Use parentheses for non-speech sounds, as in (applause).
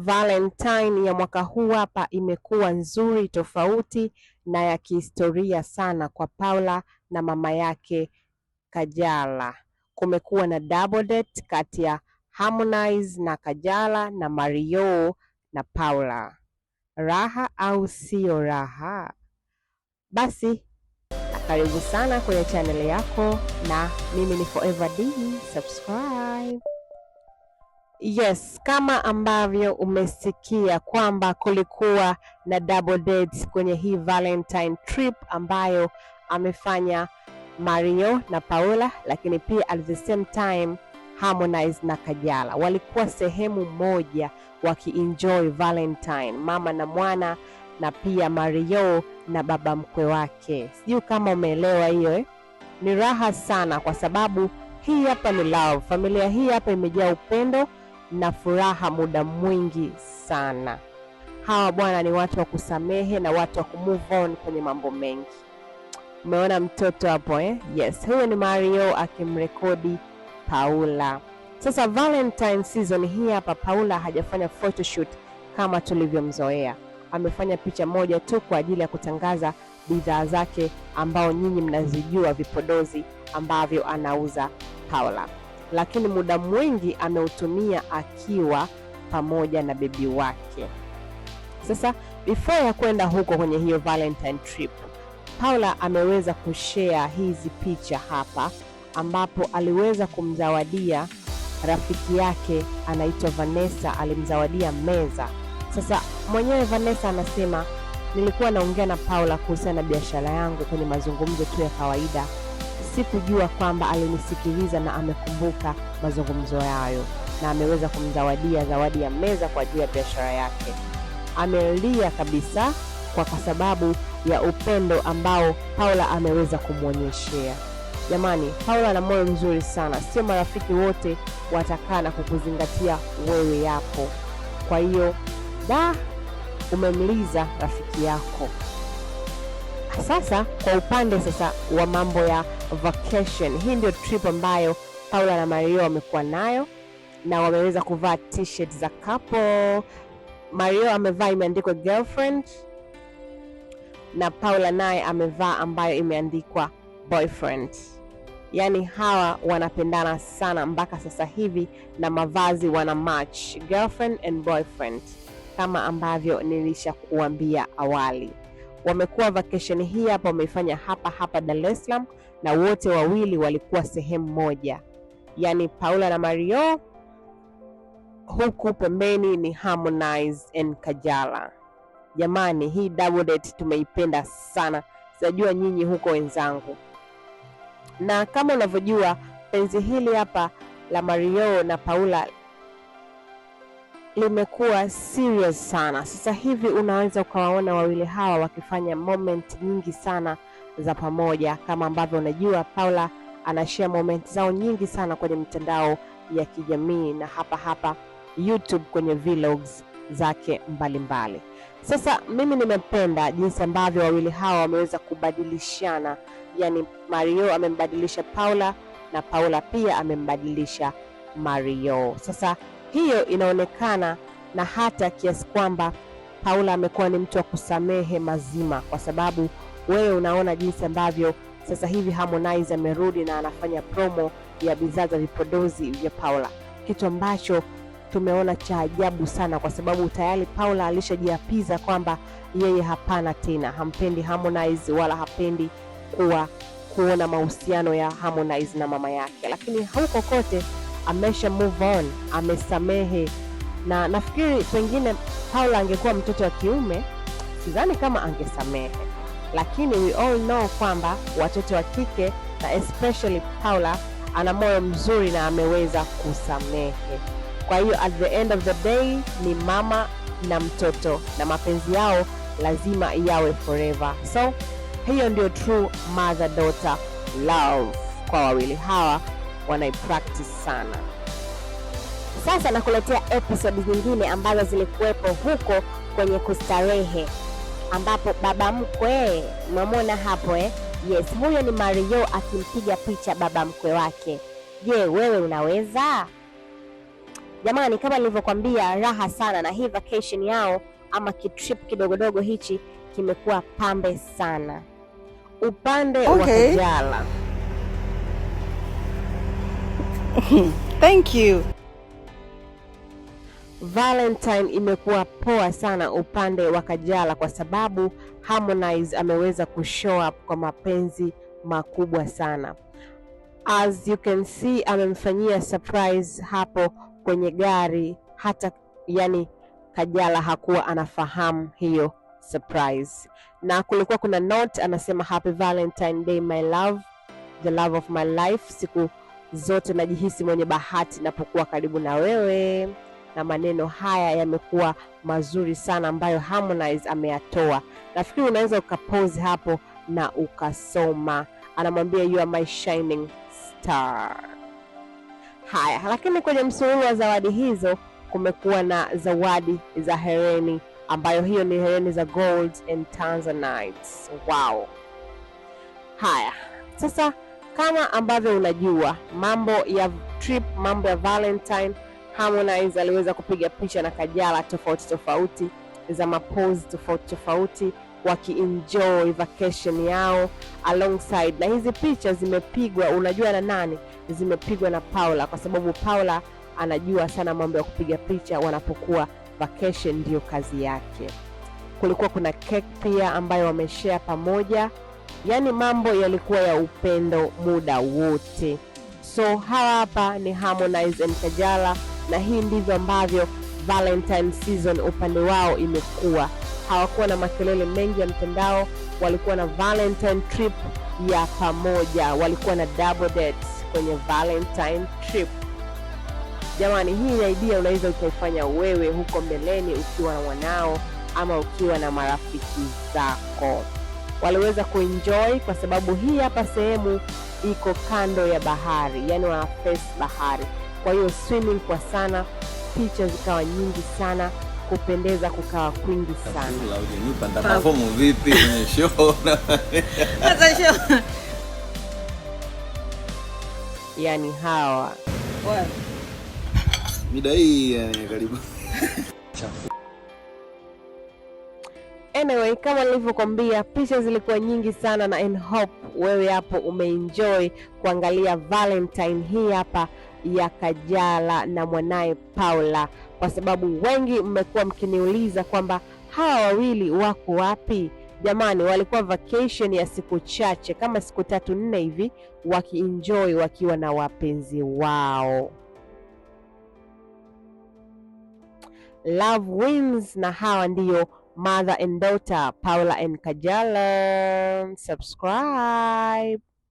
Valentine ya mwaka huu hapa imekuwa nzuri tofauti na ya kihistoria sana kwa Paula na mama yake Kajala. Kumekuwa na double date kati ya Harmonize na Kajala na Mario na Paula. Raha au sio raha? Basi karibu sana kwenye chaneli yako, na mimi ni Forever D, subscribe. Yes, kama ambavyo umesikia kwamba kulikuwa na double dates kwenye hii Valentine trip ambayo amefanya Mario na Paula, lakini pia at the same time Harmonize na Kajala walikuwa sehemu moja wakienjoy Valentine, mama na mwana na pia Mario na baba mkwe wake. Sijui kama umeelewa hiyo eh? Ni raha sana kwa sababu hii hapa ni love, familia hii hapa imejaa upendo na furaha muda mwingi sana. Hawa bwana ni watu wa kusamehe na watu wa kumove on kwenye mambo mengi. Umeona mtoto hapo eh? Yes, huyo ni Mario akimrekodi Paula. Sasa Valentine season hii hapa, Paula hajafanya photoshoot kama tulivyomzoea. Amefanya picha moja tu kwa ajili ya kutangaza bidhaa zake ambao nyinyi mnazijua, vipodozi ambavyo anauza Paula lakini muda mwingi ameutumia akiwa pamoja na bebi wake. Sasa before ya kwenda huko kwenye hiyo Valentine trip, Paula ameweza kushare hizi picha hapa, ambapo aliweza kumzawadia rafiki yake anaitwa Vanessa, alimzawadia meza. Sasa mwenyewe Vanessa anasema nilikuwa naongea na Paula kuhusiana na biashara yangu kwenye mazungumzo tu ya kawaida sikujua kwamba alinisikiliza na amekumbuka mazungumzo yayo na ameweza kumzawadia zawadi ya meza kwa ajili ya biashara yake. Amelia kabisa kwa sababu ya upendo ambao Paula ameweza kumwonyeshea. Jamani, Paula ana moyo mzuri sana, sio marafiki wote watakaa na kukuzingatia wewe yapo. Kwa hiyo da, umemliza rafiki yako. Sasa kwa upande sasa wa mambo ya vacation, hii ndio trip ambayo Paula na Mario wamekuwa nayo na wameweza kuvaa t-shirt za couple. Mario amevaa imeandikwa girlfriend na Paula naye amevaa ambayo imeandikwa boyfriend. Yaani hawa wanapendana sana mpaka sasa hivi na mavazi wana match girlfriend and boyfriend, kama ambavyo nilishakuambia awali wamekuwa vacation hii hapa wameifanya hapa hapa Dar es Salaam, na wote wawili walikuwa sehemu moja, yaani Paula na Mario, huku pembeni ni Harmonize and Kajala. Jamani, hii double date tumeipenda sana, sijajua nyinyi huko wenzangu. Na kama unavyojua penzi hili hapa la Mario na Paula limekuwa serious sana. Sasa hivi unaweza ukawaona wawili hawa wakifanya moment nyingi sana za pamoja, kama ambavyo unajua Paula anashare moment zao nyingi sana kwenye mitandao ya kijamii na hapa hapa YouTube kwenye vlogs zake mbalimbali mbali. Sasa mimi nimependa jinsi ambavyo wawili hawa wameweza kubadilishana, yani Mario amembadilisha Paula na Paula pia amembadilisha Mario. Sasa hiyo inaonekana na hata kiasi kwamba Paula amekuwa ni mtu wa kusamehe mazima, kwa sababu wewe unaona jinsi ambavyo sasa hivi Harmonize amerudi na anafanya promo ya bidhaa za vipodozi vya Paula, kitu ambacho tumeona cha ajabu sana, kwa sababu tayari Paula alishajiapiza kwamba yeye hapana tena, hampendi Harmonize wala hapendi kuwa kuona mahusiano ya Harmonize na mama yake, lakini huko kote amesha move on, amesamehe, na nafikiri pengine Paula angekuwa mtoto wa kiume, sidhani kama angesamehe, lakini we all know kwamba watoto wa kike na especially Paula ana moyo mzuri na ameweza kusamehe. Kwa hiyo at the end of the day ni mama na mtoto na mapenzi yao lazima yawe forever. So hiyo ndio true mother daughter love kwa wawili hawa wanaipractice sana. Sasa nakuletea episode nyingine ambazo zilikuwepo huko kwenye kustarehe, ambapo baba mkwe unamwona hapo eh? Yes, huyo ni mario akimpiga picha baba mkwe wake. Je, wewe unaweza? Jamani, kama nilivyokwambia, raha sana na hii vacation yao ama kitrip kidogodogo hichi kimekuwa pambe sana upande okay, wa Kajala. (laughs) Thank you. Valentine imekuwa poa sana upande wa Kajala kwa sababu Harmonize ameweza kushow up kwa mapenzi makubwa sana. As you can see amemfanyia surprise hapo kwenye gari hata yani Kajala hakuwa anafahamu hiyo surprise. Na kulikuwa kuna note anasema happy Valentine Day my love, the love of my life, siku zote najihisi mwenye bahati napokuwa karibu na wewe, na maneno haya yamekuwa mazuri sana ambayo Harmonize ameyatoa. Nafikiri unaweza ukapose hapo na ukasoma. Anamwambia you are my shining star. Haya, lakini kwenye msururu wa zawadi hizo kumekuwa na zawadi za hereni ambayo hiyo ni hereni za gold and tanzanite. Wow! Haya sasa kama ambavyo unajua mambo ya trip, mambo ya Valentine, Harmonize aliweza kupiga picha na Kajala tofauti tofauti za mapozi tofauti tofauti wakienjoy vacation yao alongside, na hizi picha zimepigwa unajua na nani? Zimepigwa na Paula, kwa sababu Paula anajua sana mambo ya kupiga picha wanapokuwa vacation, ndiyo kazi yake. Kulikuwa kuna cake pia ambayo wameshea pamoja. Yaani mambo yalikuwa ya upendo muda wote. So hawa hapa ni Harmonize and Kajala, na hii ndivyo ambavyo Valentine season upande wao imekuwa. Hawakuwa na makelele mengi ya mtandao, walikuwa na Valentine trip ya pamoja, walikuwa na double dates kwenye Valentine trip. Jamani, hii ni idea unaweza ukaifanya wewe huko mbeleni ukiwa na mwanao ama ukiwa na marafiki zako waliweza kuenjoy kwa sababu hii hapa sehemu iko kando ya bahari, yani wana face bahari, kwa hiyo swimming kwa sana, picha zikawa nyingi sana kupendeza kukawa kwingi sana. vipi kwenye show? (laughs) Yani hawa mida hii eh, karibu (laughs) Anyway, kama nilivyokwambia picha zilikuwa nyingi sana na in hope wewe hapo umeenjoy kuangalia Valentine hii hapa ya Kajala na mwanaye Paula, kwa sababu wengi mmekuwa mkiniuliza kwamba hawa wawili wako wapi? Jamani, walikuwa vacation ya siku chache kama siku tatu nne hivi, wakienjoy wakiwa na wapenzi wao. Love wins, na hawa ndio mother and daughter Paula and Kajala. Subscribe.